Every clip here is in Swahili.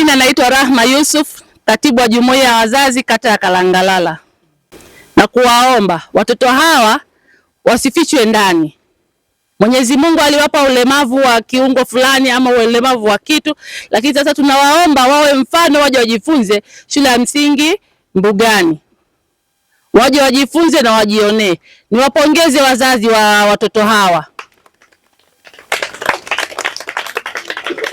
Jina naitwa Rahma Yusuf, katibu wa jumuiya ya wazazi kata ya Kalangalala, na kuwaomba watoto hawa wasifichwe ndani. Mwenyezi Mungu aliwapa ulemavu wa kiungo fulani ama ulemavu wa kitu, lakini sasa tunawaomba wawe mfano, waje wajifunze shule ya msingi Mbugani, waje wajifunze na wajionee. Niwapongeze wazazi wa watoto hawa.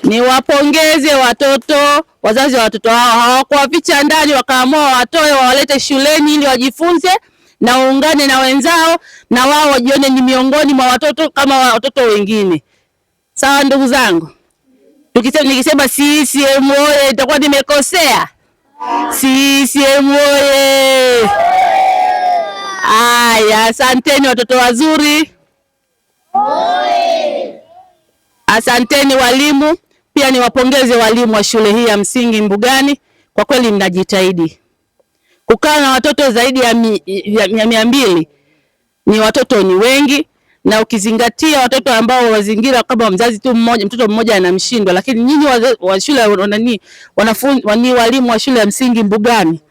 Niwapongeze watoto, wazazi wa watoto hao hawakuwaficha ndani, wakaamua watoe wawalete shuleni ili wajifunze na waungane na wenzao, na wao wajione ni miongoni mwa watoto kama watoto wengine. Sawa ndugu zangu, tukisema nikisema CCM oye, nitakuwa nimekosea? CCM oye! Aya, asanteni watoto wazuri, asanteni walimu pia niwapongeze walimu wa shule hii ya msingi Mbugani, kwa kweli mnajitahidi kukaa na watoto zaidi ya mia mbili. Ni watoto ni wengi, na ukizingatia watoto ambao wazingira kama mzazi tu mmoja, mtoto mmoja anamshindwa, lakini nyinyi wa shule wanani wanafunzi walimu wa shule ya msingi Mbugani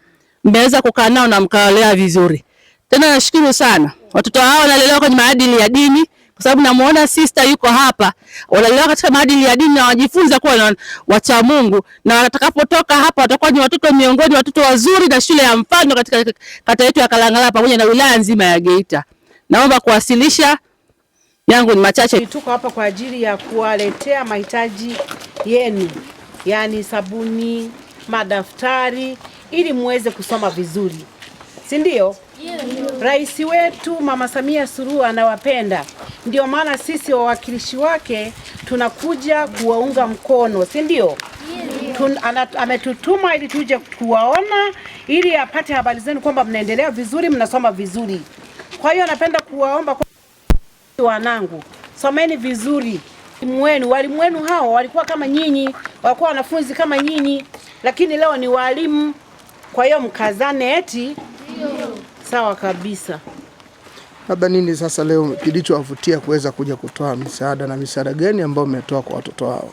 mmeweza kukaa nao na mkawalea vizuri. Tena nashukuru sana, watoto hao wanalelewa kwenye maadili ya dini kwa sababu namuona sister yuko hapa, wanalelewa katika maadili ya dini na wajifunza kuwa wacha Mungu, na watakapotoka hapa watakuwa ni watoto miongoni watoto wazuri na shule ya mfano katika kata yetu ya Kalangala pamoja na wilaya nzima ya Geita. Naomba kuwasilisha yangu ni machache. Tuko hapa kwa ajili ya kuwaletea mahitaji yenu, yani sabuni, madaftari ili muweze kusoma vizuri, si ndio? Rais wetu Mama Samia Suluhu anawapenda ndio maana sisi wawakilishi wake tunakuja kuwaunga mkono, si ndio? Ametutuma ili tuje kuwaona, ili apate habari zenu kwamba mnaendelea vizuri, mnasoma vizuri. Kwa hiyo napenda kuwaomba wanangu, someni vizuri wenu walimu wenu hao walikuwa kama nyinyi, walikuwa wanafunzi kama nyinyi, lakini leo ni walimu. Kwa hiyo mkazane, eti sawa kabisa labda nini sasa leo kilichowavutia kuweza kuja kutoa misaada na misaada gani ambayo mmetoa kwa watoto hao?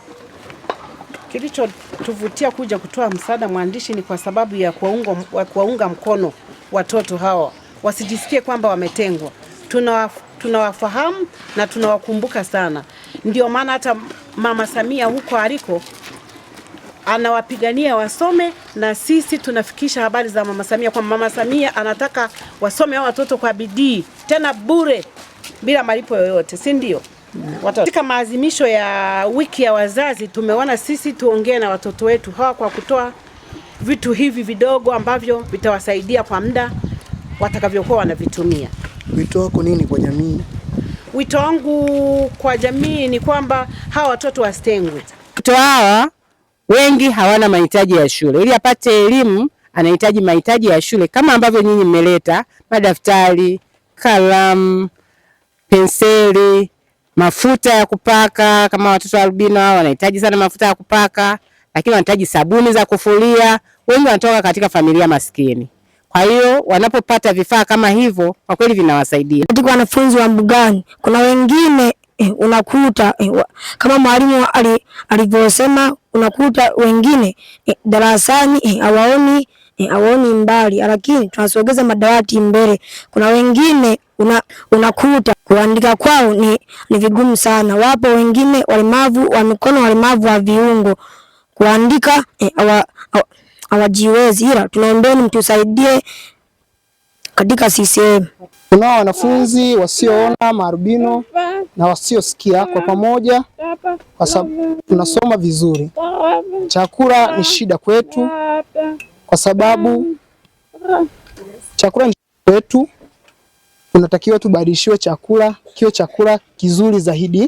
Kilichotuvutia kuja kutoa msaada mwandishi, ni kwa sababu ya kuwaunga, kuwaunga mkono watoto hawa wasijisikie kwamba wametengwa. Tunawafahamu tuna na tunawakumbuka sana, ndio maana hata Mama Samia huko aliko anawapigania wasome, na sisi tunafikisha habari za mama Samia kwa mama Samia anataka wasome hao watoto kwa bidii, tena bure, bila malipo yoyote, si ndio? Katika maazimisho ya wiki ya wazazi tumeona sisi tuongee na watoto wetu hawa kwa kutoa vitu hivi vidogo ambavyo vitawasaidia kwa muda watakavyokuwa wanavitumia. Wito wako nini kwa jamii? Wito wangu kwa jamii ni kwamba hawa watoto wastengwe. Watoto hawa wengi hawana mahitaji ya shule. Ili apate elimu anahitaji mahitaji ya shule kama ambavyo nyinyi mmeleta madaftari, kalamu, penseli, mafuta ya kupaka. Kama watoto wa albino hao wanahitaji sana mafuta ya kupaka, lakini wanahitaji sabuni za kufulia. Wengi wanatoka katika familia maskini, kwa hiyo wanapopata vifaa kama hivyo, kwa kweli vinawasaidia. Katika wanafunzi wa Mbugani kuna wengine eh, unakuta eh, kama mwalimu alivyosema, unakuta wengine eh, darasani eh, awaoni eh, awaoni mbali, lakini tunasogeza madawati mbele. Kuna wengine una, unakuta kuandika kwao ni, ni vigumu sana. Wapo wengine walemavu wa mikono, walemavu wa viungo, kuandika eh, hawajiwezi eh, ila tunaombeni mtusaidie katika CCM. Kuna wanafunzi wasioona maarubino na wasiosikia kwa pamoja, kwa sababu tunasoma vizuri. Chakula ni shida kwetu, kwa sababu chakula ni shida kwetu. Tunatakiwa tubadilishiwe chakula, kio chakula kizuri zaidi